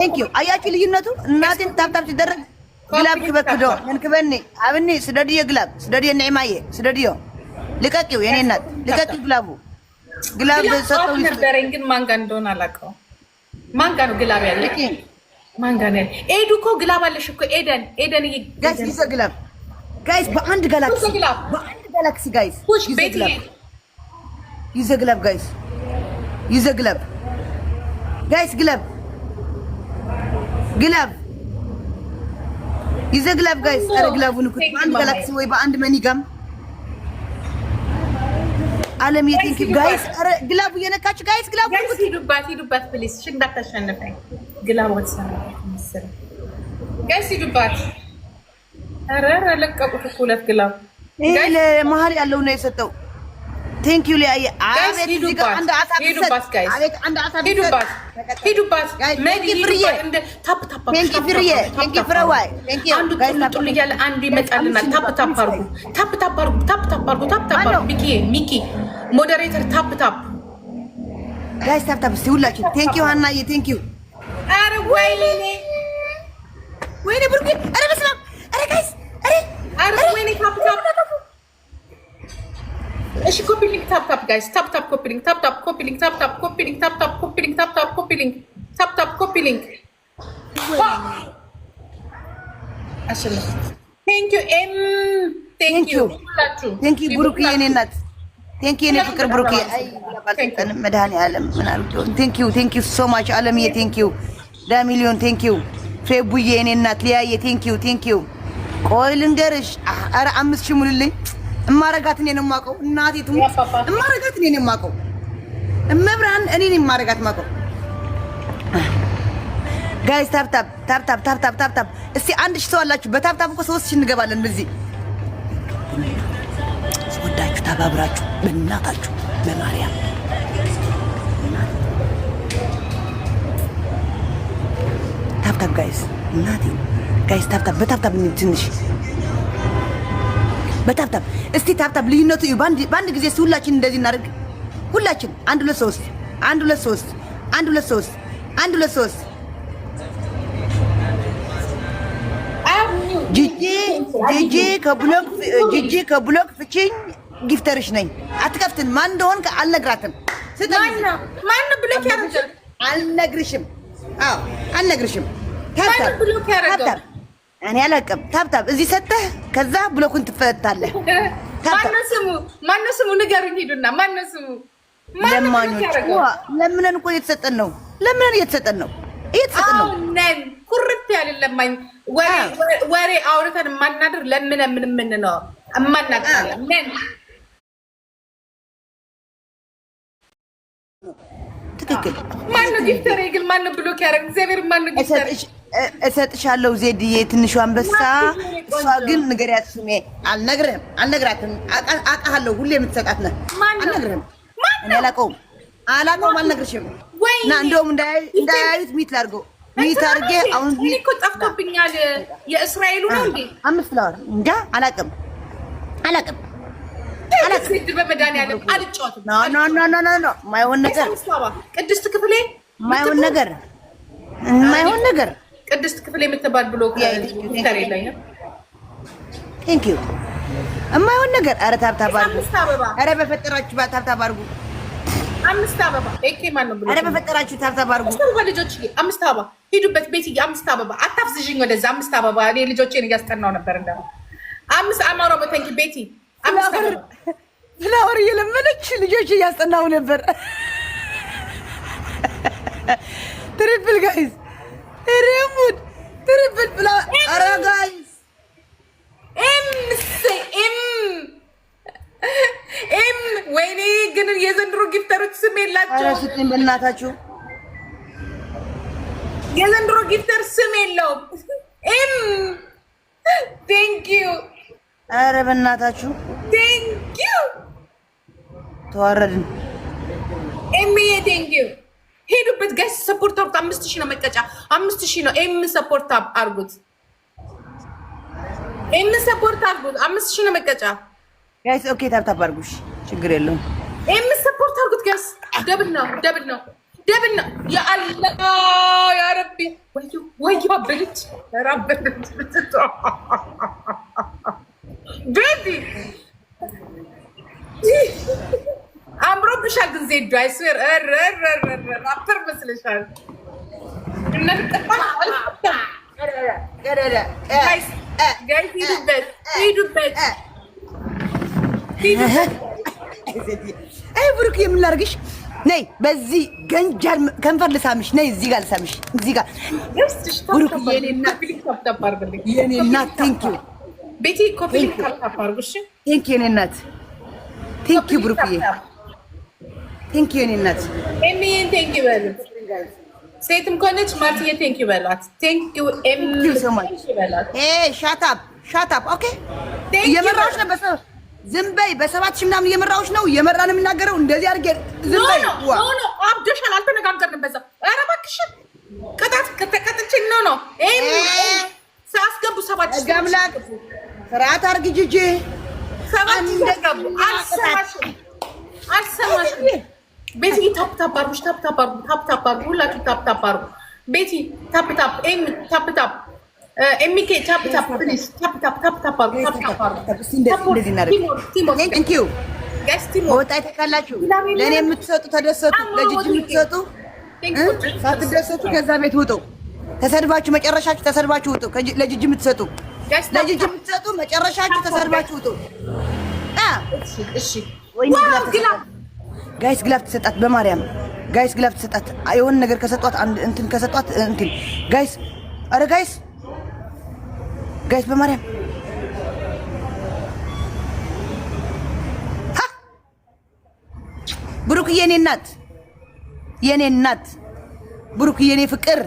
Thank you. Aya chili tap tap chidar. kudo. Yen ቴንክ ዩ አያችሁ ልዩነቱ እናቴን ታብታብ ሲደረግ ግላብ Lika kyu? ንክበኒ አብኒ ስደድዮ ግላብ ስደድዮ ንዕማየ ስደድዮ ልቀቂው የኔ እናት ልቀቂው mangan ግላብ ሰጠው ነበረኝ Mangan ማን ጋ እንደሆነ አላውቀውም ማን ጋ ነው ግላብ ያለ ማን ጋ ነው ኤዱ እኮ ግላብ አለሽ እኮ ኤደን ኤደን galaxy. Who's ግላብ ጋይስ በአንድ galaxy, guys. ጋላክሲ ጋይስ Use a ይዘ guys. Use a ግላብ Guys, ግላብ ግለብ ይዘ ግለብ ጋይስ፣ አረ ግላቡን እኮ በአንድ ጋላክሲ ወይ በአንድ መኒጋም አለም የቲንክ ጋይስ፣ አረ ግለቡ እየነካችሁ ጋይስ፣ ግለቡ ግላቡ ሂዱባት፣ ሂዱባት ፕሊስ። እሺ እንዳታሸንፈኝ ግላቡ ጋይስ፣ ሂዱባት። አረ ለቀቁት እኮ ሁለት ግላቡ ይሄ ለመሀል ያለው ነው የሰጠው ቴንክ ዩ ሊያ ሞዴሬተር ታፕ ታፕ ጋይስ ታፕ ታፕ ሁላችሁ እሺ ኮፒ ሊንክ ታፕ ታፕ ጋይስ ታፕ ታፕ ኮፒ ሊንክ ታፕ ታፕ ኮፒ ሊንክ ታፕ ታፕ ኮፒ ሊንክ ታፕ ታፕ ኮፒ ሊንክ ታፕ ታፕ ኮፒ ሊንክ ታፕ ታፕ ኮፒ ሊንክ አሸነፍ። ቴንክ ዩ ኤም ቴንክ ዩ ቴንክ ዩ ብሩክዬ፣ የኔ እናት ቴንክ ዩ የኔ ፍቅር ብሩክዬ። አይ ባልጠን መድኃኒዓለም ምን አድርጌው። ቴንክ ዩ ቴንክ ዩ ሶ ማች አለምዬ፣ ቴንክ ዩ ዳሚሊዮን፣ ቴንክ ዩ ፌቡዬ፣ የኔ እናት ሊያዬ፣ ቴንክ ዩ ቴንክ ዩ። ቆይ ልንገርሽ፣ ኧረ አምስት ሺህ ሙሉልኝ እማረጋት እኔ ነው የማውቀው። እናቴ ትሙት እማረጋት እኔ ነው የማውቀው። እመብርሃን እኔ ነው የማረጋት የማውቀው። ጋይስ ታፕታፕ ታፕታፕ ታፕታፕ ታፕታፕ። እስቲ አንድ ሺህ ሰው አላችሁ። በታፕታፕ እኮ ሶስት ሺህ እንገባለን። በዚህ ወዳችሁ ተባብራችሁ በእናታችሁ በማርያም ታፕታፕ ጋይስ እናቴ ጋይስ ታፕታፕ በታፕታፕ ትንሽ በታብታብ እስቲ ታብታብ ልዩነቱ እዩ። በአንድ ጊዜ እስቲ ሁላችን እንደዚህ እናደርግ። ሁላችን አንድ ሁለት ሶስት፣ አንድ ሁለት ሶስት፣ አንድ ሁለት ሶስት፣ አንድ ሁለት ሶስት። ጂጂ ከብሎክ ጂጂ ከብሎክ ፍቺኝ፣ ጊፍተርሽ ነኝ። አትከፍትን። ማን እንደሆን አልነግራትም። ማን አልነግርሽም። አልነግርሽም። ታብታብ እኔ አላውቅም። ታብታብ እዚህ ሰጠህ፣ ከዛ ብሎኩን ትፈታለህ። ማነው ስሙ? ማነው ስሙ? ንገሩኝ። ሂዱና ማነው ስሙ? ለማኞች ለምነን እኮ እየተሰጠን ነው። ለምነን እየተሰጠን ነው። እየተሰጠን ነው። ነን ኩርት ያለ ለማኝ ወሬ አውርተን የማናድር ለምን ምን ምን ነው የማናድር ነን። ትክክል። ማነው ጊፍተሬ ግን ማነው ብሎክ ያደረግ? እግዚአብሔር ማነው ጊፍተሬ እሰጥሻለሁ ዜድዬ፣ ትንሹ አንበሳ። እሷ ግን ንገሪያት ስሜ። አልነግርህም፣ አልነግራትም። አውቃሃለሁ፣ ሁሌ የምትሰጣት ነህ። አልነግርህም፣ እኔ አላውቀውም፣ አላውቀውም፣ አልነግርሽም። እና እንደውም እንዳያዩት ሚት ላድርገው፣ ሚት አድርጌ አሁን እኮ ጠፍቶብኛል። የእስራኤሉ ነው እንዴ? አምስት ብለዋል። እንጃ አላውቅም፣ አላውቅም፣ ማይሆን ነገር ቅድስት ክፍሌ፣ የማይሆን ነገር፣ የማይሆን ነገር ቅድስት ክፍል የምትባል ብሎ ተር የለኝም ቴንክ ነገር። አረ ታብታብ አድርጉ። አረ በፈጠራችሁ ታብታብ አድርጉ። አምስት አበባ ኤኬ ማን ነው ብሎ አረ በፈጠራችሁ ታብታብ አድርጉ። ልጆች አምስት አበባ ሂዱበት። ቤትዬ አምስት አበባ አታፍዝዥኝ ወደዛ። አምስት አበባ እኔ ልጆቼን እያስጠናው ነበር። እንደ አምስት አማሮ በተንኪ ቤቲ ፍላወር እየለመነች ልጆች እያስጠናው ነበር። ትሪፕል ጋይዝ ወይኔ ግን የዘንድሮ ጊፍተሮች ስም የላቸው። ስጥኝ በእናታችሁ፣ የዘንድሮ ጊፍተር ስም የለውም። ኤም ቴንክ ዩ። ኧረ በእናታችሁ ቴንክ ዩ። ተዋረድን። ቴንክ ዩ። ሄዱበት ጋይ ሰፖርት አርጉት። አምስት ሺህ ነው መቀጫ፣ አምስት ሺህ ነው። ኤም ሰፖርት አርጉት። ኤም ሰፖርት አርጉት። አምስት ሺ ነው መቀጫ ጋይስ። ኦኬ ሺ ችግር የለውም። ኤም ሰፖርት አርጉት ኤም ሰፖርት አርጉት አምስት ሺ ነው መቀጫ ጋይስ ኦኬ ታብታብ አርጉሽ ችግር የለውም ኤም ሰፖርት አርጉት ጋይስ ደብል ነው፣ ደብል ነው፣ ደብል ነው። የአላ ያረቢ ወያ በልጅ ራበልጅ ብትቶ ቤቢ አምሮብሻል። ግን ዜዶ አይስዌር ራፕተር መስልሻል። ብሩክ የምን ነይ በዚህ ገንጃል ከንፈር ልሳምሽ። ነይ እዚህ ጋር ልሳምሽ። እዚህ ጋር የኔ እናት ቴንኪ ቤቲ ኮፒ ካልታፓርጉሽ ቴንኪ የኔ እናት ቴንኪ ብሩክዬ ቴንክ ዩ ኒነት ኤሚዬን ቴንክ ዩ በሉ። ሴትም ከሆነች ማርትዬ ቴንክ ዩ በሏት። ቴንክ ዩ በሏት። ሻታፕ ሻታፕ። ኦኬ እየመራሁሽ ነው። ዝም በይ። በሰባት ሺህ ምናምን እየመራሁሽ ነው። እየመራ ነው የምናገረው። እንደዚህ አድርጌ ዝም በይ። አብዶሻል። አልተነጋገርንም በዛ። ኧረ እባክሽን ቅጣት ከተቀጥቼ ነው ነው ሳያስገቡ ሰባት ሺህ አምላክ ስርዓት አድርጊ ጂጂ ሰባት ሺህ አልሰማሽም። ቤቲ ታፕ ታፕ አድርጉ፣ ታፕ ታፕ አድርጉ፣ ታፕ ታፕ አድርጉ፣ ሁላችሁ ታፕ ታፕ አድርጉ። ቤቲ ታፕ ታፕ፣ ኤም ታፕ ታፕ፣ ኤሚኬ ታፕ ታፕ፣ ፕሊዝ ታፕ ታፕ፣ ታፕ ታፕ አድርጉ፣ ታፕ ታፕ አድርጉ። እንደዚህ እናደርግ። ቴንክ ዩ ወጣት ካላችሁ ለእኔ የምትሰጡ ተደሰቱ፣ ለጅጅ የምትሰጡ ሳትደሰቱ ከዛ ቤት ውጡ። ተሰድባችሁ መጨረሻችሁ ተሰድባችሁ ውጡ። ለጅጅ የምትሰጡ ለጅጅ የምትሰጡ መጨረሻችሁ ተሰድባችሁ ውጡ። እሺ እሺ ጋይስ ግላፍ ተሰጣት። በማርያም ጋይስ ግላፍ ተሰጣት። የሆነ ነገር ከሰጧት አንድ እንትን ከሰጧት እንትን ጋይስ፣ አረ ጋይስ፣ ጋይስ በማርያም ብሩክ የኔ እናት የኔ እናት ብሩክ የኔ ፍቅር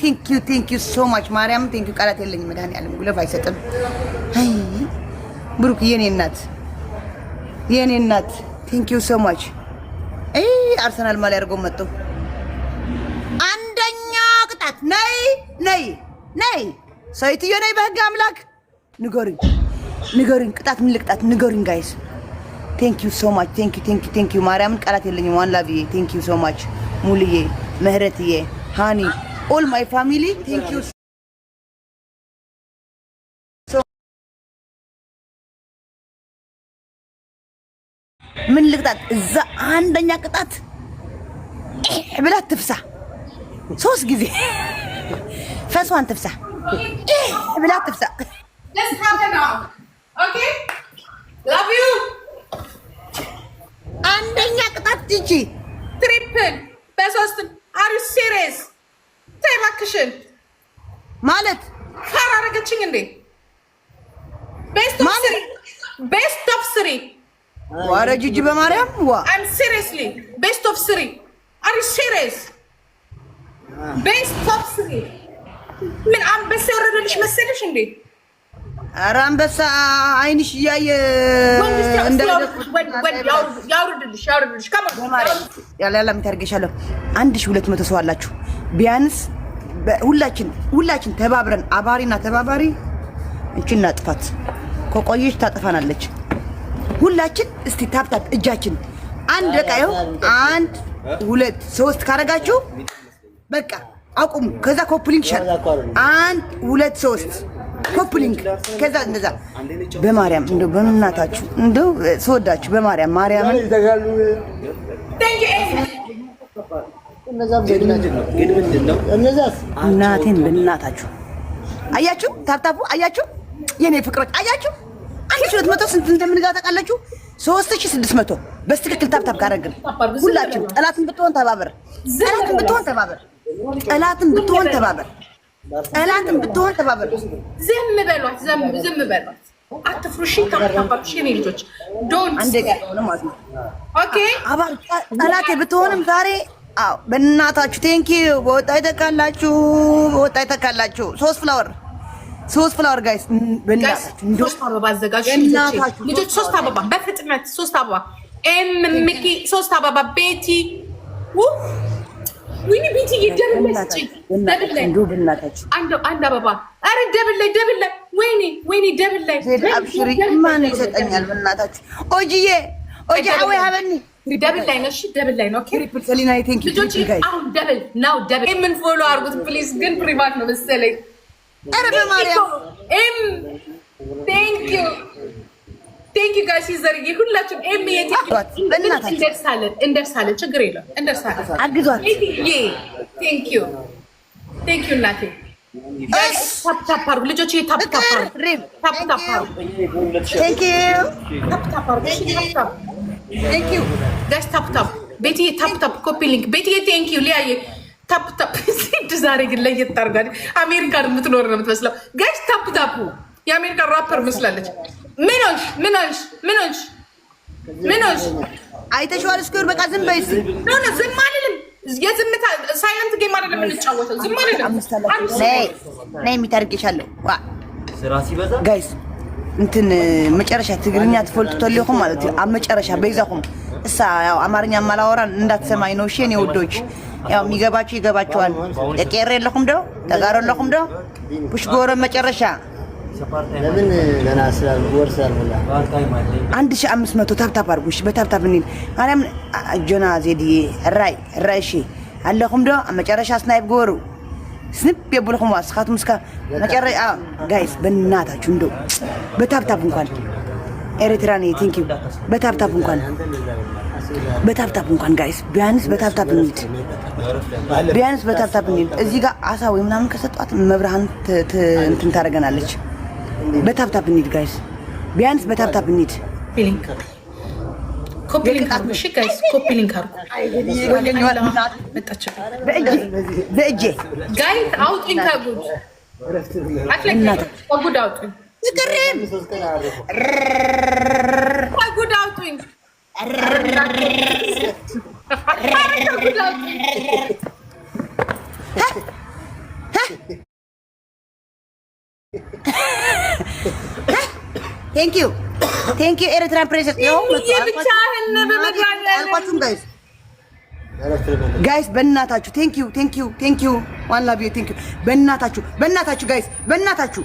ቴንክ ዩ ቴንክ ዩ ሶ ማች ማርያም ቴንክ ዩ ቃላት የለኝም። መድኃኒዓለም ጉለፍ አይሰጥም። አይ ብሩክ የኔ እናት የኔ እናት ቴንክ ዩ ሶ ማች አርሰናል ማሊያ አድርጎ መጡ። አንደኛ ቅጣት ነይ ነይ ነይ ሰይትዮ ነይ። በህግ አምላክ ንገሩኝ ንገሩኝ፣ ቅጣት ምን ልቅጣት ንገሩኝ ጋይስ። ቴንክ ዩ ሶ ማች ቴንክ ዩ ቴንክ ዩ ቴንክ ዩ። ማርያምን ቃላት የለኝም። ዋን ላቭ ዩ ቴንክ ዩ ሶ ማች ሙልዬ፣ ምህረትዬ፣ ሃኒ ኦል ማይ ፋሚሊ ቴንክ ዩ ምን ልቅጣት? እዛ አንደኛ ቅጣት ብላት ትፍሳ፣ ሶስት ጊዜ ፈሷን ትፍሳ ብላት ትፍሳ። አንደኛ ቅጣት ጂጂ ትሪፕል በሶስት አር ሲሪየስ ተይባክሽን ማለት ካር አረገችኝ እንዴ? ቤስት ኦፍ ስሪ ቤስት ኦፍ ስሪ ዋረ ጅጅ በማርያም ዋ አም ሲሪየስሊ ቤስት ኦፍ ስሪ አሪ ሲሪየስ ቤስት ኦፍ ስሪ ምን አንበሳ የወረደልሽ መሰለሽ እንዴ? አረ አንበሳ አይንሽ እያየ ያውርድልሽ ያውርድልሽ። አንድ ሺህ ሁለት መቶ ሰው አላችሁ ቢያንስ ሁላችን ሁላችን ተባብረን አባሪና ተባባሪ እንቺ እናጥፋት። ከቆየች ታጠፋናለች። ሁላችን እስቲ ታፕታፕ እጃችን አንድ በቃ ይኸው አንድ ሁለት ሶስት ካረጋችሁ በቃ አቁሙ። ከዛ ኮፕሊንግ ሸር አንድ ሁለት ሶስት ኮፕሊንግ ከዛ እንደዛ በማርያም እንደው በእናታችሁ እንደው ስወዳችሁ በማርያም ማርያም እናቴን በእናታችሁ አያችሁ፣ ታፕታፑ አያችሁ፣ የኔ ፍቅሮች አያችሁ አንድ ሺህ ሁለት መቶ ስንት እንደምንጋ ታውቃላችሁ? ሶስት ሺህ ስድስት መቶ በስትክክል ታብታብ ካረግን ሁላችሁ ጠላትን ብትሆን ተባበር፣ ጠላትን ብትሆን ተባበር፣ ጠላትን ብትሆን ተባበር፣ ጠላትን ብትሆን ተባበር። ዝም በሏት፣ ዝም በሏት፣ አትፍሩ። እሺ ታባባሽ የኔ ልጆች ዶንት አንዴ ጠላቴ ብትሆንም ዛሬ አዎ፣ በእናታችሁ ቴንኪው። በወጣ ይተካላችሁ፣ በወጣ ይተካላችሁ። ሶስት ፍላወር ሶስት ፍላወር ጋይስ ሶስት ልጆች፣ ሶስት አበባ በፍጥነት ሶስት አበባ ኤም ምኪ ሶስት አበባ ቤቲ ቤቲ አንድ አበባ ኧረ ደብል ላይ ደብል ላይ ወይኔ ወይኔ ደብል ላይ ማን ይሰጠኛል? በእናታችሁ ኦጂዬ ኦጂ አወይ ሀበኒ ደብል ላይ ነው። እሺ ደብል ላይ ነው። ልጆች አሁን ደብል ናው ደብል የምን ፎሎ አድርጉት ፕሊዝ። ግን ፕሪቫት ነው መሰለኝ ኧረ በማርያም ኤም ቴንክ ዩ ቴንክ ዩ ጋሽ ዘርዬ ሁላችሁም ኤም እንደርሳለን፣ እንደርሳለን። ችግር የለም እንደርሳለን። አግዟት። ቴንክ ዩ ቴንክ ዩ እናቴ። ታፕታፕ አድርጉ ልጆች፣ ታፕታፕ ቤትዬ። ታፕታፕ ኮፒ ሊንክ ቤትዬ። ቴንክ ዩ ሊያዬ ታፕታፕ ዛሬ ግን ለየት ታርጋ አሜሪካን የምትኖር ነው የምትመስለው። ጋሽ ታፑ ታፑ የአሜሪካን ራፐር መስላለች። ምኖች ምኖች ምኖች ምኖች አይተሽዋል? እስኪ በቃ ዝም በይ። ዝም አልልም። የዝምታ ሳይለንት ጌም አደለ የምንጫወተው። ዝም አልልም። ነይ የሚታርጌሻለሁ ጋይስ እንትን መጨረሻ ትግርኛ ትፈልጡተለኹም ማለት እዩ ኣብ መጨረሻ በይዛኹም እሳ ያው ኣማርኛ ማላወራን እንዳትሰማይ ነው እሺ እኔ ወዶች ያው የሚገባችሁ ይገባችኋል። የቄር የለኩም ዶ ተጋር የለኩም ዶ ፑሽ ጎረ መጨረሻ አንድ ሺህ አምስት መቶ ታብታብ አድርጉ። እሺ በታብታብ እንሂድ። ማርያም ጆና ዜድዬ ራይ ራይ እሺ አለኩም ዶ መጨረሻ ስናይብ ጎሩ ስንብ የብልኩም ዋስኻቱም እስካ መጨረሻ ጋይስ፣ በእናታችሁ እንዶ በታብታብ እንኳን ኤርትራን ዩ በታብታብ እንኳን በታፕታፕ እንኳን ጋይስ ቢያንስ በታብታብ እንሂድ፣ ቢያንስ በታብታብ እንሂድ። እዚህ ጋር አሳ ወይ ምናምን ከሰጧት መብርሃን እንትን ታደርገናለች። በታብታብ እንሂድ ጋይስ፣ ቢያንስ በታብታብ እንሂድ። በእጄ ጋይስ አውጡኝ ከጉድ አውጡኝ አውጡኝ ቴንኪዩ ቴንኪዩ ኤርትራን ፕሬዚደንት ነው አልኳችሁም ጋይስ ጋይስ በእናታችሁ ቴንኪዩ ቴንኪዩ ቴንኪዩ ዋን ላቭ ዩ ቴንኪዩ በእናታችሁ በእናታችሁ ጋይስ በእናታችሁ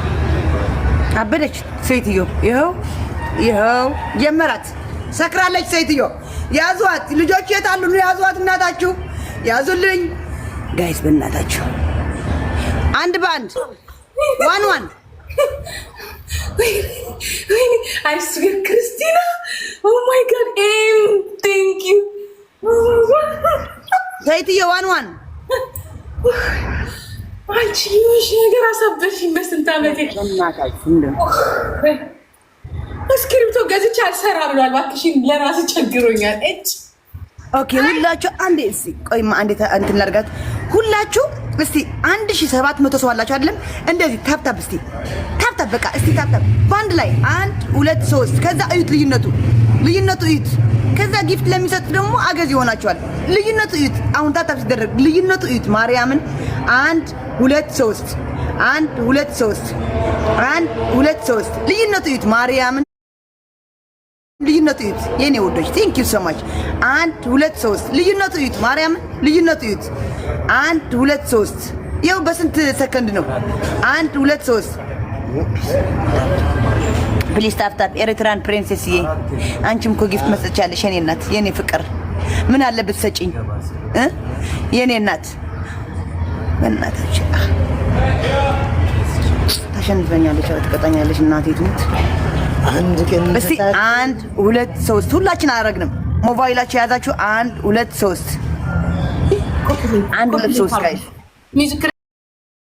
አበደች ሴትዮ። ይኸው ይኸው ጀመራት። ሰክራለች ሴትዮ። ያዟት ልጆች የት አሉ? ያዟት እናታችሁ፣ ያዙልኝ ጋይስ፣ በእናታችሁ አንድ በአንድ ዋን ዋን አይስር ክርስቲና ማይ ጋድ ቴንክ ዩ ሴትዮ ዋን ዋን አንቺ ሽ ነገር አሳበሽኝ። በስንት ዓመቴ እስክሪብቶ ገዝቼ አልሰራ ብሏል። እባክሽን ለራስ ቸግሮኛል። እጭ ኦኬ፣ ሁላችሁ አንዴ እስኪ ቆይማ አንዴ እንትን ላድርጋት። ሁላችሁ እስቲ አንድ ሺህ ሰባት መቶ ሰው አላችሁ አይደለም? እንደዚህ ታብታብ እስቲ ታብታብ፣ በቃ እስቲ ታብታብ በአንድ ላይ አንድ ሁለት ሶስት፣ ከዛ እዩት ልዩነቱ ልዩነቱ እዩት። ከዛ ጊፍት ለሚሰጥ ደግሞ አገዝ ይሆናችኋል። ልዩነቱ እዩት። አሁን ታብታብ ሲደረግ ልዩነቱ እዩት። ማርያምን አንድ ሁለት ሶስት አንድ ሁለት ሶስት አንድ ሁለት ሶስት ልዩነቱ እዩት። ማርያምን ልዩነቱ እዩት የኔ ወዶች፣ ቴንክ ዩ ሶ ማች። አንድ ሁለት ሶስት ልዩነቱ እዩት። ማርያምን ልዩነቱ እዩት። አንድ ሁለት ሶስት ይኸው በስንት ሰከንድ ነው? አንድ ሁለት ሶስት ፕሊስ ታፕታፕ ኤርትራን ፕሪንሴስዬ፣ አንቺም እኮ ጊፍት መስጠቻለሽ የኔ እናት፣ የኔ ፍቅር። ምን አለበት ሰጪኝ የኔ እናት በእናታችን ተሸንፈኛለች፣ ትቀጣኛለች። እናቴ ትሙት። እስቲ አንድ ሁለት ሶስት፣ ሁላችን አላረግንም። ሞባይላችሁ የያዛችሁ አንድ ሁለት ሶስት፣ አንድ ሁለት ሶስት